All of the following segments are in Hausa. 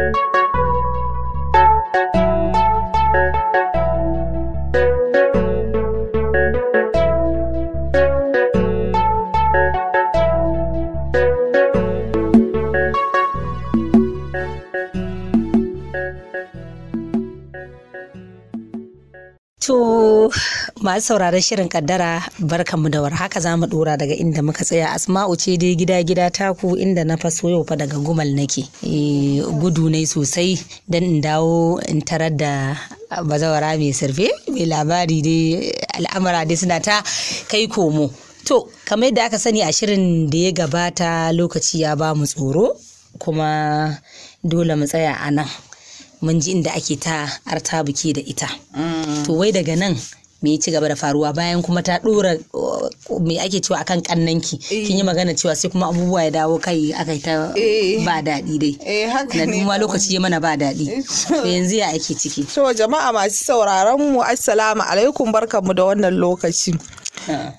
Thank you. masu sauraron shirin kaddara barkanmu da war haka za mu dora daga inda muka tsaya asma'u ce dai gida gida taku inda na faso yau fa daga gumal nake eh, gudu ne sosai don in dawo in tarar da bazawara mai surfe mai labari dai al'amura dai suna ta kai komo to kamar yadda aka sani a shirin da ya gabata lokaci ya ba mu tsoro kuma dole mu tsaya a nan mun ji inda ake ta artabuke da ita mm. to wai daga nan me ci gaba da faruwa bayan kuma ta dora me ake cewa akan kannanki eh. kin yi magana cewa sai kuma abubuwa ya dawo kai aka ta eh. ba daɗi dai na eh, kuma lokaci ya mana ba daɗi yanzu ya ake ciki to jama'a masu sauraron mu assalamu alaikum barkanmu da wannan lokaci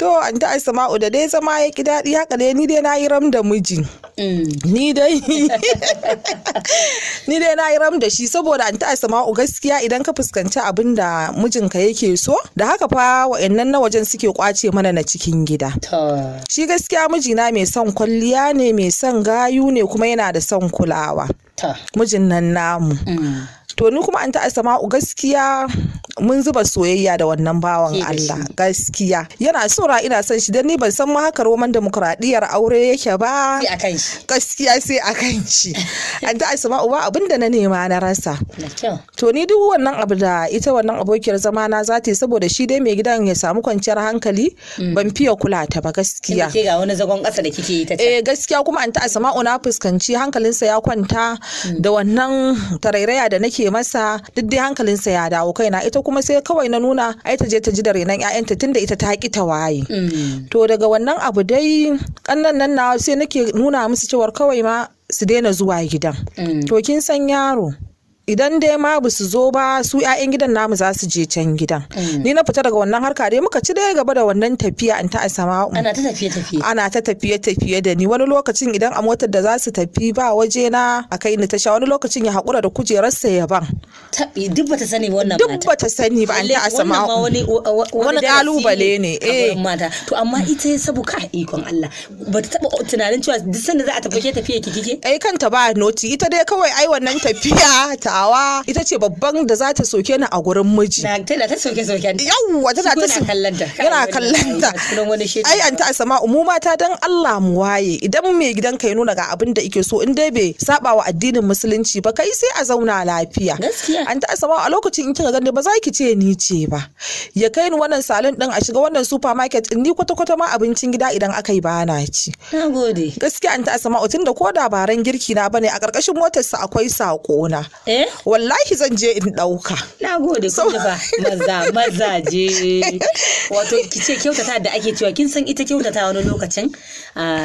to an ta asma'u da dai zama ya ki daɗi haka dai ni dai na yi ram da miji Mm. ni dai ni dai na yi ram da shi saboda an ta sama'u gaskiya idan ka fuskanci abin da mijinka yake so da haka fa wa'annan na wajen suke kwace mana na cikin gida shi gaskiya mijina mai son kwalliya ne mai son gayu ne kuma yana da son kulawa mijin nan namu mm. to ni kuma an ta asama'u gaskiya mun zuba soyayya da wannan bawan Allah gaskiya yana ra ina son shi dan ni ban san ma haka roman demokradiyar aure yake ba gaskiya sai akan shi an ta asama'u ba abinda na nema na rasa to ni duk wannan abu da ita wannan abokiyar zama na za ta yi saboda shi dai mai gidan ya samu kwanciyar hankali mm. ban fiye kula ta ba gaskiya ga wani zagon kasa da kike yi ta eh gaskiya kuma an ta asama'u na fuskanci hankalinsa ya kwanta mm. da wannan tarairaya da nake yake masa duk dai hankalinsa ya dawo kaina ita kuma sai kawai na nuna ai ta je ta ji da renon ƴaƴanta tunda ita ta ki ta waye mm. to daga wannan abu dai kannan nan na sai nake nuna musu cewar kawai ma su daina zuwa gidan mm. to kin san yaro idan dai ma ba su zo ba su 'ya'yan gidan namu za su je can gidan mm. ni na fita daga wannan harka dai muka ci dai gaba da wannan tafiya an ta a sama um. ana ta tafiye tafiye ana ta tafiye tafiye da ni wani lokacin idan a motar da za su tafi ba waje na a kai ni tasha wani lokacin ya haƙura da kujerarsa ya ban duk bata sani wannan duk bata sani ba an um. a sama wani kalubale ne eh to amma ita sabu ka ikon Allah Ba ta taba tunanin cewa duk sanda za a tafiye tafiye kike ai eh, kanta ba noti ita dai kawai ai wannan tafiya ta tawa ita ce babban da za ta soke ni a gurin miji tana ta soke soke yawwa tana ta soke yana kallanta ai an ta asama umuma mata dan Allah mu waye idan mai gidan ka ya nuna ga abin da yake so in dai bai saba wa addinin musulunci ba kai sai a zauna lafiya an ta asama a lokacin in kika gani ba za ki ce ni ce ba ya kai ni wannan salon din a shiga wannan supermarket in ni kwata kwata ma abincin gida idan aka yi bana ci nagode gaskiya an ta asama tun da ko da baran girki na bane a karkashin motarsa akwai sako na eh Eh? wallahi zan je in ɗauka. Na gode so, ba maza mazaje. Wato ki ce kyautata da ake cewa kin san ita kyautata wani lokacin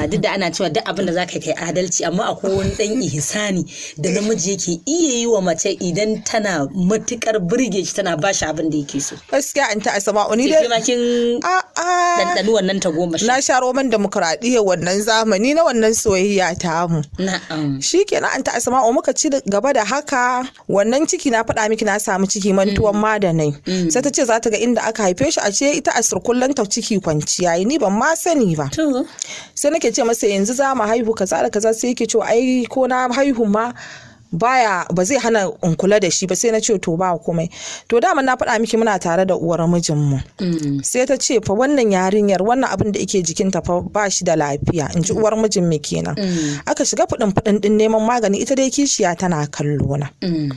duk da ana cewa duk abin da zaka kai adalci amma akwai wani dan ihsani da namiji yake iya yi wa mace idan tana matukar burge shi tana ba shi abin da yake so. Gaskiya an ta asama ni dai. a a ɗanɗani wannan ta goma Na sha roman demokuraɗiyyar wannan zamani na wannan soyayya ta mu. Na'am. shikenan an ta asama muka ci gaba da haka wannan ciki na faɗa miki na samu ciki mantuwan mm. ma da nai mm. sai ta ce za ta ga inda aka haife shi a ce ita a sirkullan ta ciki kwanciya ni ban ma sani ba sai nake ce masa yanzu za mu haihu kaza da kaza sai yake cewa ai ko na haihu ma baya ba zai hana in kula da shi ba sai na ce to ba komai to dama na faɗa miki muna tare da uwar mijin mu. Mm. sai ta ce fa wannan yarinyar wannan abin da yake ta fa ba shi da lafiya in ji uwar mijin mu kenan mm. aka shiga fudin fudin din neman magani ita dai kishiya tana kallo na mm.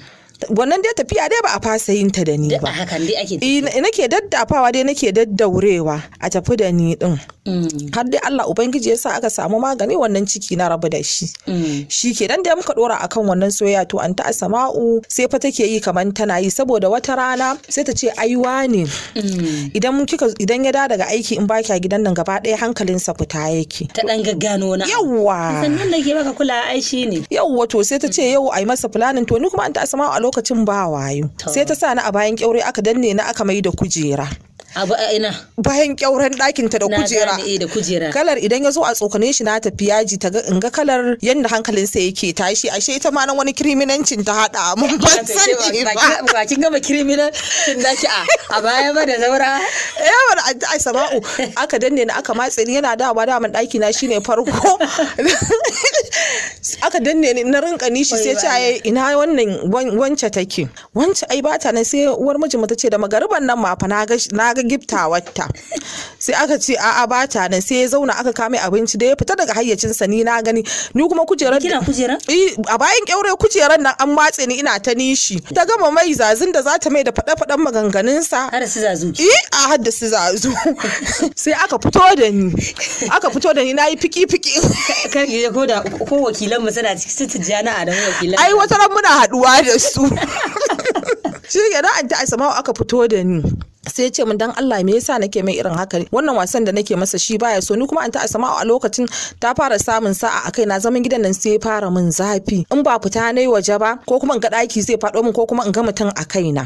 wannan dai tafiya dai ba a fasa yin ta da ni ba nake daddafawa dai nake daddaurewa a tafi da ni din Mm. har dai Allah ubangiji ya sa aka samu magani wannan ciki na rabu da shi mm. shi ke dan da muka dora akan wannan soyayya to an ta asama'u sai fa take yi kamar tana yi saboda wata rana sai ta ce aiwa ne mm. idan kika idan ya da daga aiki in baki a gidan nan gaba ɗaya hankalin sa fita yake ta dan gaggano na yawa sannan da ke baka kula ai shi ne yawa to sai ta ce yau ai masa fulanin to ni kuma an ta asama'u a lokacin ba wayo sai ta sa ni a bayan kyaure aka danne na aka mai da kujera abu a ina bayan kyauren ɗakin ta da kujera eh, da kujera kalar idan ya zo a tsokane shi na tafi yaji ta ga in ga kalar yanda hankalin sa yake tashi ashe ita ma nan wani kriminancin ta hada mun ban sani ba ba kin gama kriminancin naki a A baya ba da zaura da eh, addu'a sama'u aka danne ni aka matse ni yana dawa daman ɗaki na shine farko aka danne ni na rinka nishi sai ce ai ina wannan wance take wance ai bata nan sai uwar mijin ta ce da magariban nan ma fa na ga ga giftawarta sai aka ce a a bata nan sai ya zauna aka kame abinci da ya fita daga hayyacinsa ni na gani ni kuma kujerar kina kujera eh, a bayan kyaure kujerar nan an matse ni ina ta nishi ta gama mai zazin da za ta mai da faɗe-faɗen maganganunsa har su zazu eh a hadda su zazu sai aka fito da ni aka fito da ni na yi fiki-fiki kan ya koda ko wakilan mu suna cikin tijjana a da wakilan ai wata ran muna haɗuwa da su shi ke da an ta aka fito da ni sai ya ce min dan Allah me yasa nake mai irin haka wannan wasan da nake masa shi baya so ni kuma an ta asama a lokacin ta fara samun sa'a akai na zaman gidan nan sai ya fara min zafi in ba fita nayi waje ba ko kuma in ga daki zai faɗo min ko kuma in ga mutum a kaina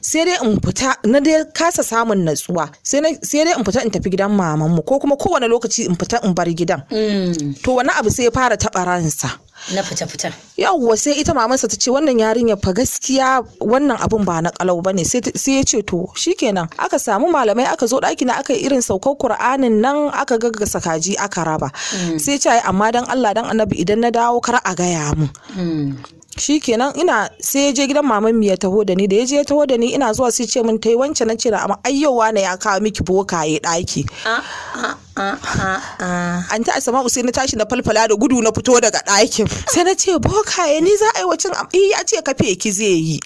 sai dai in fita na dai kasa samun natsuwa sai dai in fita in tafi gidan maman mu ko kuma kowane lokaci in fita in bar gidan mm. to wani abu sai ya fara taɓa ransa na fita fita yawwa sai ita mamansa ta ce wannan yarinya fa gaskiya wannan abun ba na kalau bane sai ya ce to shi shikenan aka samu malamai aka zo ɗaki na aka irin saukar Kur'anin nan aka gaggasa kaji aka raba mm. sai ce amma dan Allah dan Annabi idan na dawo kar a gaya mu. Mm. shikenan ina sai ya je gidan maman ya taho da ni da ya je ya taho da ni ina zuwa sai ce min tai wancan nace ce na amma ayyowa ne ya kawo miki bokaye daki an ah, ah, ah, ta asama sai na tashi na falfala da gudu na fito daga ɗakin sai na ce bokaye ni za a yi wacin amma eh, ya ce ka ki zai yi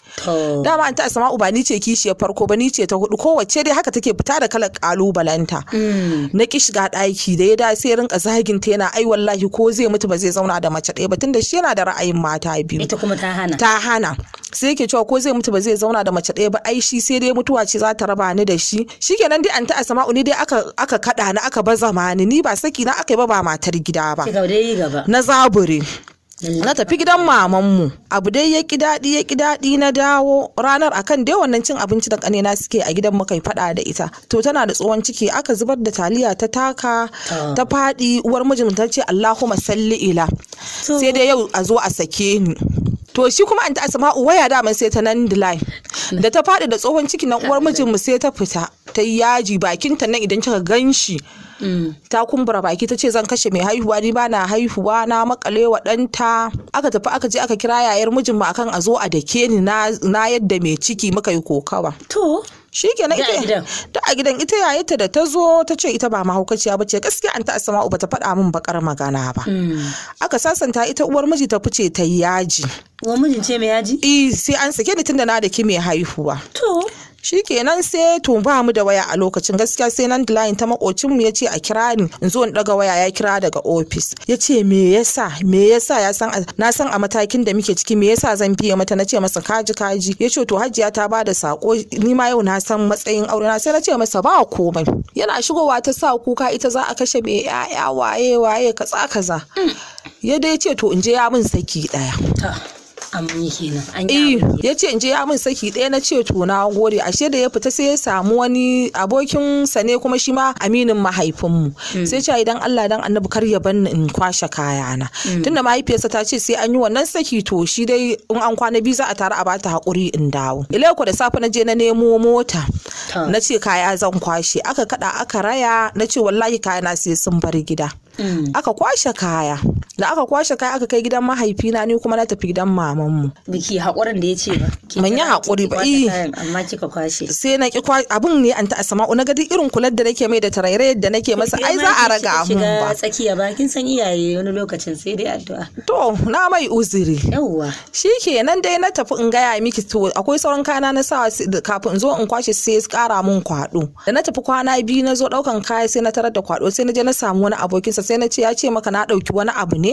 dama an ta asama ba ni ce kishiyar farko ba ni ce ta hudu kowace dai haka take fita da kalar kalubalanta mm. na ki shiga ɗaki da ya da sai rinka zagin ta yana ai wallahi ko zai mutu ba zai zauna da mace ɗaya ba tunda shi yana da ra'ayin mata biyu kuma ta hana ta hana sai yake cewa ko zai mutu ba zai zauna da mace ɗaya ba ai shi sai dai mutuwa ce za ta raba ni da shi shikenan dai an ta asma'u ni dai aka aka kada ni aka bar zamani ni ba saki na aka yi ba ba matar gida ba na zabure na tafi gidan mamanmu abu dai ya daɗi ya daɗi na dawo ranar akan dai wannan cin abinci da ƙanina suke a gidan muka faɗa da ita to tana da tsohon ciki aka zubar da taliya ta taka ta faɗi uwar mijin ta ce Allahumma salli ila sai dai yau a zo a sake ni to shi kuma an ta asma'u waya daman sai ta nan dilai da ta faɗi da tsohon ciki nan uwar mijinmu sai ta fita ta yi yaji bakinta nan idan kika ganshi. shi ta kumbura baki ta ce zan kashe mai haihuwa ni ba na haihuwa na makale wa ɗanta aka tafi aka je aka kira yayar mijin mu akan a zo a dake ni na yadda mai ciki muka yi kokawa to shi ke. ita da a gidan ita ta da ta zo ta ce ita ba mahaukaciya ba ce gaskiya an ta asma'u bata faɗa min bakar magana ba hmm. aka sasanta ita uwar miji ta fice ta yaji uwar mijin ce mai yaji eh sai an sake ni tunda na da ki mai haihuwa to shikenan sai to ba mu da waya a lokacin gaskiya sai nan line ta makocin mu yace a kira ni in zo in daga waya ya kira daga office yace me yasa me yasa ya san na san a matakin da muke ciki me yasa zan biya mata nace masa kaji kaji yace to hajiya ta bada sako ni ma yau na san matsayin aure na sai nace masa ba komai yana shigowa ta sa kuka ita za a kashe me ya'ya waye waye kaza kaza mm. ya dai ce to in je ya min saki daya Eh, ya ce in je ya min saki ɗaya na ce to na gode ashe da ya fita sai ya samu wani abokin sa ne kuma shi ma aminin mahaifinmu. Hmm. Sai ce idan Allah dan Annabi kar ya banni in kwashe kaya na. Hmm. Tunda mahaifiyarsa ta ce sai an yi wannan saki to shi dai in an kwana biyu za a tare a bata hakuri in dawo. Ilaiko da safe na je na nemo mota. Na ce kaya zan kwashe aka kada aka raya na ce wallahi kayana sai sun bar gida. Mm. aka kwashe kaya da aka kwashe kaya aka kai gidan mahaifina ni kuma na tafi gidan maman mu. biki hakurin da ya ce ba Man yi hakuri ba eh. amma kika kwashe sai na ki abun ne an ta asama'u na gadi irin kular da nake mai da tarayyar yadda nake masa ai za a raga mu ba tsakiya ba kin san iyaye wani lokacin sai dai addu'a to na mai uziri yawwa shikenan dai na tafi in gaya miki to akwai sauran kana na sawa kafin zo in kwashe sai ya kara mun kwado da na tafi kwana biyu na zo daukan kaya sai na tarar da kwado sai na je na samu wani abokinsa sai na ce ya ce maka na ɗauki wani abu ne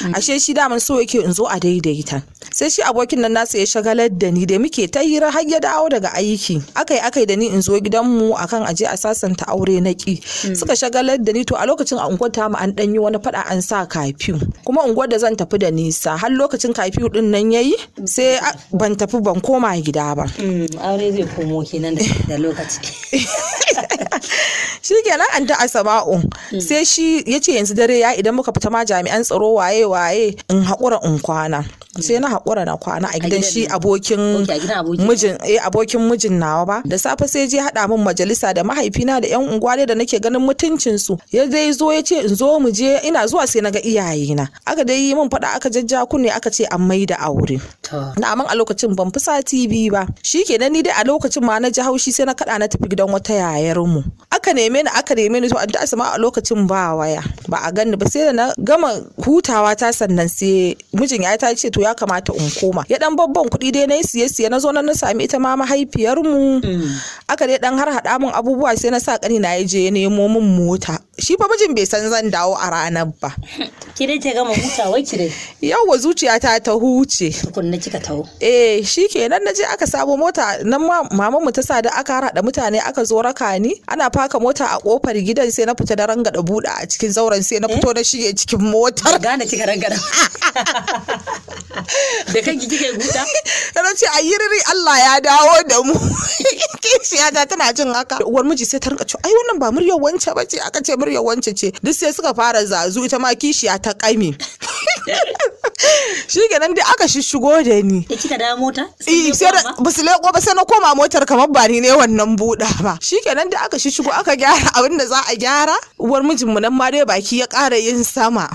mm. ashe shi daman so yake in zo a daidaita sai shi abokin nan nasu ya shagalar da ni da muke ta hira har ya dawo daga aiki akai akai da ni in zo gidan mu akan aje a sasanta aure na ki mm. suka shagalar da ni to a lokacin a unguwar ta mu an danyi wani fada an sa kafi kuma unguwar da zan tafi da nisa har lokacin kafi din nan yayi mm. sai ban tafi ban koma gida ba aure zai komo kenan da lokaci shikenan an da asaba'u hmm. sai shi ya ce yanzu dare ya idan muka fita ma jami'an tsaro waye waye in haƙura in kwana hmm. sai na haƙura na kwana a gidan shi abokin mijin eh abokin mijin nawa ba da safe sai je hada min majalisa da mahaifina da yan unguwa da nake ganin mutuncin su ya dai zo ya ce in zo mu je ina zuwa sai na ga iyayena aka dai yi min faɗa aka jajja kunne aka ce an mai da aure na a lokacin ban fi sati biyu ba shikenan ni dai a lokacin ma na ji haushi sai na kaɗa na tafi gidan wata yayar mu aka nemi neme aka neme ni to an ma a lokacin ba waya ba a gani ba sai da na gama hutawa ta sannan sai mijin ya ta ce to ya kamata in koma ya dan babban kuɗi dai na yi siye siye na zo na sami ita ma mahaifiyar mu mm. aka dai dan har hada min abubuwa sai na sa kani na je nemo min mota shi fa mijin bai san zan dawo a ranar ba. Kire ke gama hutawa kire. Yawwa zuciya ta huce. na kika taho. Eh shi ke nan na je aka sabo mota nan maman mu ta sa da aka haɗa mutane aka zo raka ni ana faka mota a kofar gidan sai na fita da rangada buɗa a cikin zauren sai na eh? fito na shige cikin motar. Gane kika rangada. Da kanki kike huta? Na ce a yiriri Allah ya dawo da mu. ta tana jin haka. Uwar miji sai ta rinka ce, ai wannan ba muryar wancan ce?" aka ce murya wance ce duk sai suka fara zazu ita ma kishiya ta kame shi kenan dai aka shishigo da ni eh, da kika da mota ba su leko ba sai na koma motar kamar ba ni ne wannan buɗa ba shi kenan dai aka shishigo aka gyara abin da za a gyara uwar mu nan ma dai baki ya ƙara yin sama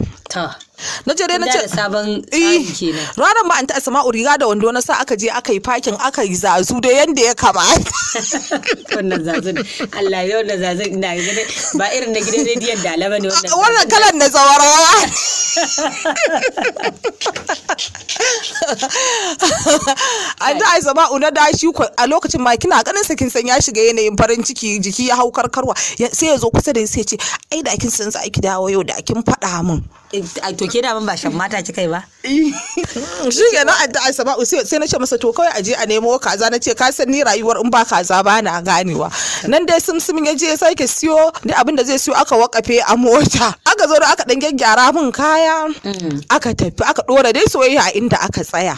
na jere na ce sabon eh, kenan ranar ba an ta asma'u uriga da wando na sa aka je aka yi fakin aka yi zazu da yanda ya kamata wannan zazun Allah yau na zazu ina gani ba irin na gidan rediyon da alaba ne wannan wannan kalan na zawarawa an da aisa zama una da shi a lokacin ma kina ganin sa kin san ya shiga yanayin farin ciki jiki ya hau karkarwa sai ya zo kusa da sai ce ai da kin san sa ki dawo yau da kin faɗa min eh, to ke da ba shan mata ki kai ba eh, shi ga na adda aisa ba sai na ce masa to kawai aje a nemo kaza na ce ka san ni rayuwar in ba kaza ba na ganewa nan dai sumsum ya je ya sake siyo da abin da zai siyo aka wakafe a mota aka zo da aka dan gyaggyara min kaya mm. aka tafi aka dora dai soyayya a inda aka tsaya tsaya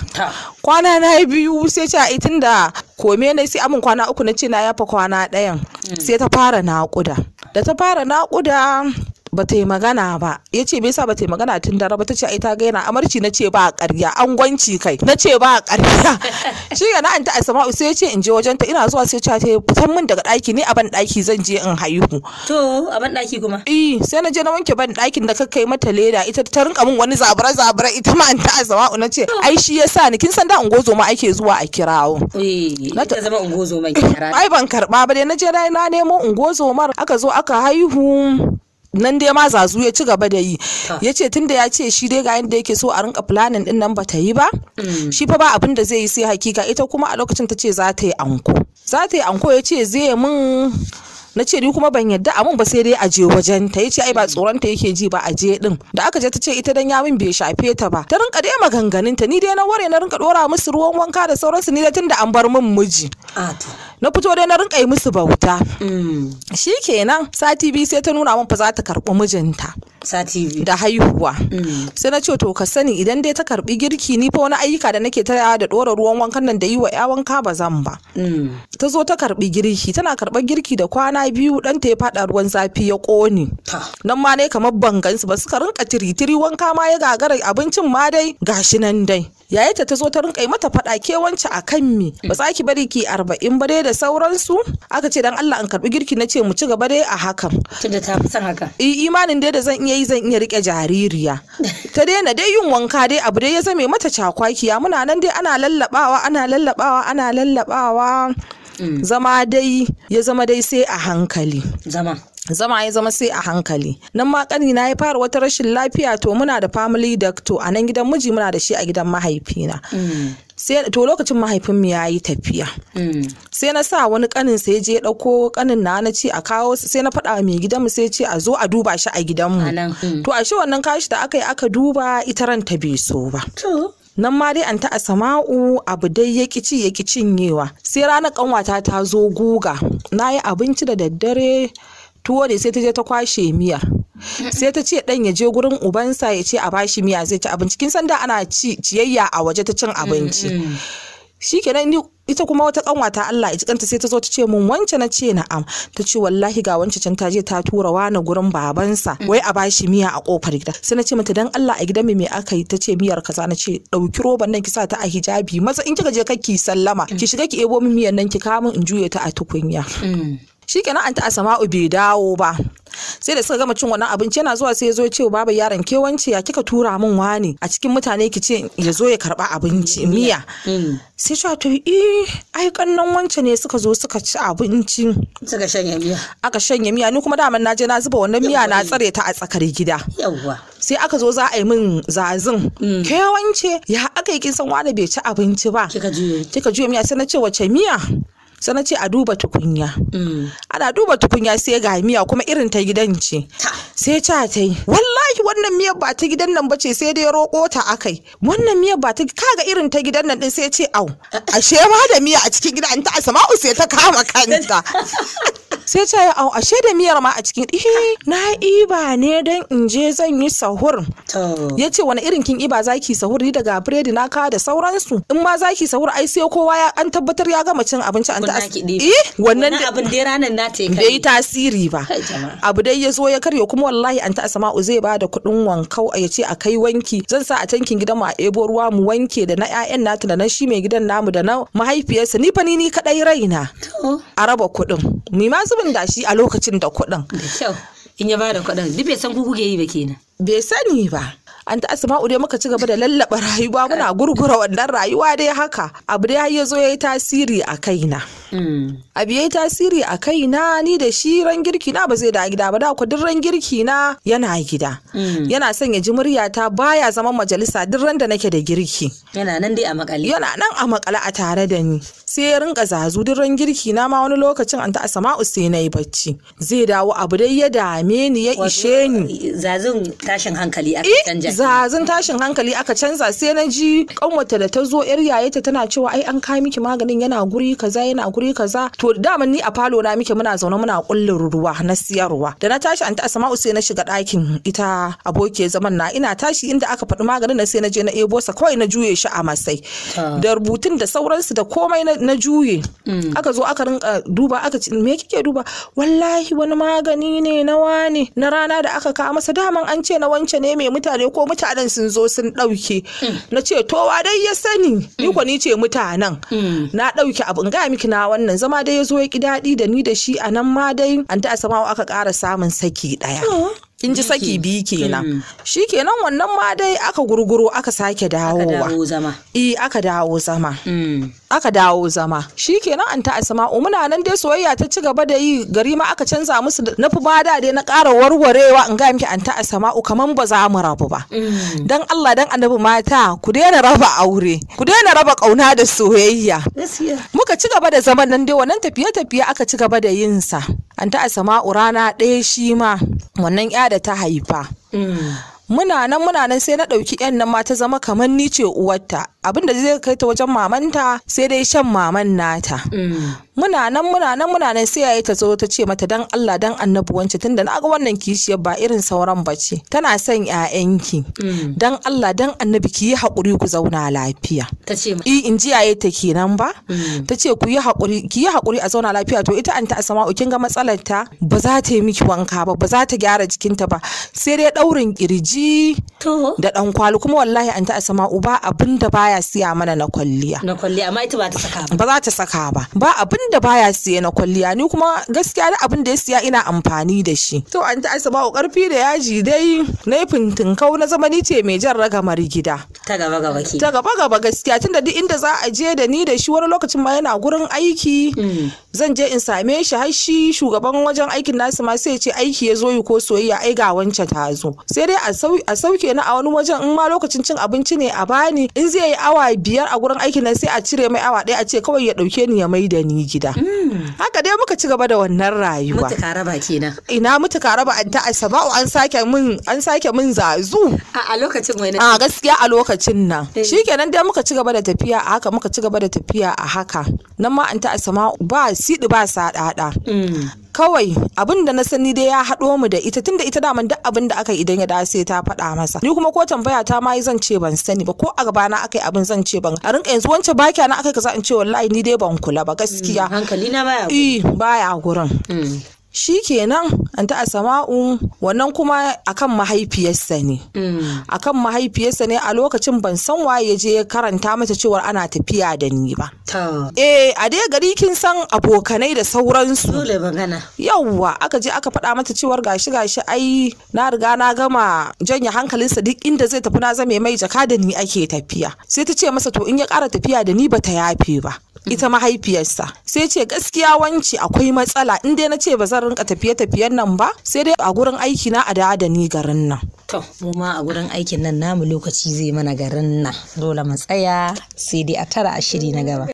kwana na biyu sai ce a tun da kome na sai amin kwana uku na ce na yafa kwana ɗayan mm. sai ta fara naƙuda da ta fara naƙuda ba ta yi magana ba ya ce me yasa ba ta yi magana tun dara ba ta ce ai ta ga yana amarci na ce ba a ƙarya gwanci kai na ce ba a ƙarya shi yana an ta asma'u sai ya ce in je wajen ta ina zuwa sai ta ta fitan min daga ɗaki ni a ban ɗaki zan je in haihu to a ban ɗaki kuma eh sai na je na wanke ban ɗakin da kakkai mata leda ita ta rinka min wani zabura zabura ita ma an ta asma'u na ce ai shi yasa ni kin san da ungozo ma ake zuwa a kirawo eh ta zama ungozo mai ai ban karba ba dai na je na nemo ungozo mar aka zo aka haihu nan dai ma zazu ya ci gaba da yi ya ce tun da ya ce shi dai ga yadda yake so a rinka planning din nan bata yi ba mm. shi fa ba abin da zai yi sai hakika ita kuma a lokacin ta ce za ta yi anko za ta yi anko ya ce zai min na ce ni kuma ban yadda a mun ba sai dai aje wajen ta yace ai ba tsoron ta yake ji ba aje din da aka je ta ce ita dan ya min bai shafe ta ba ta rinka dai maganganun ta ni dai na ware na rinka dora musu ruwan wanka da sauransu ni da tunda an bar min miji na fito dai na rinka yi musu bauta mm. shi kenan sati biyu sai ta nuna min fa za ta karɓi mijinta sati biyu da haihuwa mm. sai na ce to ka sani idan dai ta karbi girki ni fa wani ayyuka da nake ta da ɗora ruwan wankan nan da yi wa ya wanka ba zan ba mm. ta zo ta karbi girki tana karɓar girki da kwana biyu dan ta ya faɗa ruwan zafi ya ƙone nan ma ne kamar su ba suka rinka tiri-tiri wanka ma ya gagara abincin ma dai gashi nan dai yayata ta zo ta rinka yi mata faɗa ke a kan mi ba za ki bari ki arba'in ba dai da da sauransu aka ce dan Allah an karbi girki na ce mu ci gaba dai a hakan tunda ta fi son haka imanin dai da zan iya yi zan iya rike jaririya ta daina dai yin wanka dai abu dai ya zame mata cakwakiya muna nan dai ana lallabawa ana lallabawa ana lallabawa mm. zama dai ya zama dai sai a hankali zama zama ya zama sai a hankali nan ma kani na ya fara wata rashin lafiya to muna da family doctor a nan gidan miji muna da shi a gidan mahaifina mm. sai to lokacin mahaifin mu yayi tafiya mm. sai na sa wani kanin sai je dauko kanin na na ce a kawo sai na fada mai gidan mu sai ce a zo a duba shi a gidan mu mm. to a shi wannan kashi da aka yi aka duba ita ta bai so ba nan ma dai an ta asama'u abu dai ya kici ya cinyewa sai ranar kanwata ta zo guga na yi abinci da daddare tuwo ne sai ta je ta kwashe miyar sai ta ce dan ya je gurin ubansa ya ce a bashi miya zai ci abinci kin san da ana ci ciyayya a waje ta cin mm, abinci mm. shikenan ni ita kuma wata kanwa ta Allah ita kanta sai ta zo ta ce mun wance na ce na'am ta ce wallahi ga wance can ta je ta tura wani gurin babansa mm. wai a bashi miya a kofar gida sai na ce mata dan Allah a gidan me aka yi ta ce miyar kaza na ce dauki roban nan ki sa ta a hijabi maza in kika je kaki sallama ki shiga ki ebo min miyan nan ki kawo in juye ta a tukunya shikenan anta asama'u bai dawo ba sai da suka gama cin wannan abinci yana zuwa sai ya zo cewa, babu yaron ke wance ya kika tura min wani a cikin mutane ki ce ya zo ya karba abinci miya mm. sai shi to eh ai kannan wance ne suka zo suka ci abinci suka shanye miya aka shanye miya ni kuma daman naje na zuba wannan miya na tsare ta a tsakar gida yawwa sai aka zo za a yi min zazin mm. ke wance ya aka yi kin san wani bai ci abinci ba kika juye kika juye miya sai na ce wace miya sai ce a duba tukunya mm. ana duba tukunya sai ga miya kuma irin ta gidan ce sai ta ta yi wallahi wannan miyar ba ta gidan nan bace sai dai roƙo ta akai wannan miyar ba ta kaga irin ta gidan nan din sai ce au ashe ma da miya a cikin gidan ta asma'u sai ta kama kanta sai ta yi au ashe da miyar ma a cikin ihi na iba ne dan in je zan yi sahur ya ce wani irin kin iba zaki sahur ni daga biredi na ka da sauransu in ma zaki sahur ai sai kowa ya an tabbatar ya gama cin abinci an ta eh wannan abin dai ranar na ta yi tasiri ba abu dai ya zo ya karya kuma wallahi an ta asma'u zai bada kuɗin wankau a ya a kai wanki zan sa a tankin gidan mu a ebo ruwa mu wanke da na ƴaƴan nata da na shi mai gidan namu da na mahaifiyarsa ni fa ni ni kadai raina a raba kuɗin mu ma wasu bin gashi a lokacin da kuɗin. Da In ya bada kuɗin duk bai san ku kuke yi ba kenan. Bai sani ba. an ta asma'u dai muka ci gaba da lallaba rayuwa muna gurgura wannan rayuwa dai haka abu dai har ya zo ya yi tasiri a kaina. A biya tasiri a kai na ni da shi ran girki na ba zai da gida ba da ku ran girki na yana gida mm. yana son ya ji muryata baya zama majalisa duk ran da nake da girki yana nan dai a makale yana nan a makale a tare da ni sai ya rinka zazu duk ran girki na ma wani lokacin an ta asama'u sai na bacci zai dawo abu dai ya dame ni ya ishe ni zazun tashin hankali aka eh, canja zazun tashin hankali aka canza sai na ji kanwata da ta zo yar yayata tana cewa ai an kai miki maganin yana guri kaza yana guri guri kaza to dama ni a falo na muke muna zaune muna kullin ruwa na siyarwa da na tashi an ta asma'u sai na shiga ɗakin ita aboke zaman na ina tashi inda aka faɗi maganin na sai na je na ebo sa kawai na juye shi a masai da rubutun da sauransu da komai na juye mm. aka zo aka rinka duba aka ce me kike duba wallahi wani magani ne na wani na rana da aka kawo masa daman an ce na wance ne mai mutane ko mutanen sun zo sun ɗauke mm. na ce towa dai ya sani mm. ni ko ni ce mutanen na ɗauke abu in ga miki na wannan zama dai ya zo ya ki daɗi da ni da shi a nan ma dai an ta asamawa aka ƙara samun saki ɗaya. kin ji saki biyu mm. kenan shi kenan wannan ma dai aka gurguro aka sake dawowa aka dawo zama eh, aka dawo zama mm. shi kenan an ta asma'u muna nan dai soyayya ta ci gaba da yi gari ma aka canza musu na fi bada dai na ƙara warwarewa in ga miki an ta u kaman ba za mu rabu ba mm. dan Allah dan annabi mata ku daina raba aure ku daina raba kauna da soyayya muka ci gaba da zaman nan dai wannan tafiye-tafiye aka ci gaba da yin sa an ta asma'u rana ɗaya shi ma wannan ya da ta haifa mm. muna nan muna nan sai na ɗauki yan nan ma ta zama kamar ni ce uwarta abinda zai kai ta wajen mamanta sai dai shan maman nata mm. muna nan muna nan muna nan sai yayi ta zo ta ce mata dan Allah dan annabi wance tunda na ga wannan kishiyar ba irin sauran bace tana son ƴaƴanki mm. dan Allah dan annabi ki yi hakuri ku zauna lafiya ta ce i in ji yayi ta kenan ba mm. ta ce ku yi hakuri ki yi hakuri a zauna lafiya to ita anta asma'u kin ga matsalar ta ba za ta yi miki wanka ba ba za ta gyara jikinta ba sai dai daurin kirji da dan kwalu kuma wallahi anta asma'u ba abinda da baya siya mana na kwalliya na kwalliya amma ita ba ta saka ba ba za ta saka ba ba abin da baya siya na kwalliya ni kuma gaskiya da abin da ya siya ina amfani da shi to an ta asaba ƙarfi da yaji dai na yi fintinkau na zamani ce mai jan ragamar gida ta gaba gaba ke ta gaba gaba gaskiya tunda duk inda za a je da ni da shi wani lokacin ma yana gurin aiki mm. zan je in same shi har shi shugaban wajen aikin nasu ma sai ce aiki ya zo yi ko soyayya ai ga wancan ta zo sai dai a sauke ni a wani wajen in ma lokacin cin abinci ne a bani in zai yi awa biyar a gurin aikin nan sai a cire mai awa ɗaya a ce kawai ya ɗauke ni ya mai da ni gida mm. haka dai muka ci gaba da wannan rayuwa mutuka raba kenan ina mutuka raba an ta asaba an sake min an sake min zazu a lokacin wani a gaskiya a lokacin lokacin nan eh. shikenan dai muka ci gaba da tafiya a haka muka ci gaba da tafiya a haka nan ma an ta asama ba sidi ba sadada mm. kawai abin da na sani dai ya haɗo mu da ita tunda ita daman duk abin da aka yi idan ya sai ta faɗa masa ni kuma ko tambaya ta ma zan ce ban sani ba ko a gaba na akai abin zan ce ban a rinka yanzu wance ba na ka za in ce wallahi ni dai ban kula ba gaskiya mm, hankali na baya eh, baya gurin mm. shi kenan ta asama'u wannan kuma akan mahaifiyarsa ne mm. akan mahaifiyarsa ne a lokacin ban san waye ya je karanta mata cewar ana tafiya da ni ba eh a dai gari kin san abokanai da sauransu dole magana yawwa aka je aka faɗa mata cewar gashi gashi ai na riga na gama janye hankalinsa duk inda zai tafi na zame mai jaka da ni ake tafiya sai ta ce masa to in ya kara tafiya da ni ba ta yafe ba ita mahaifiyarsa sai ce gaskiya wanci akwai matsala in dai na ce ba zan rinka tafiye-tafiyen nan ba sai dai a gurin aiki na a da ni garin nan to mu ma a gurin aikin nan namu lokaci zai mana garin nan dole mu tsaya sai dai a tara a shiri na gaba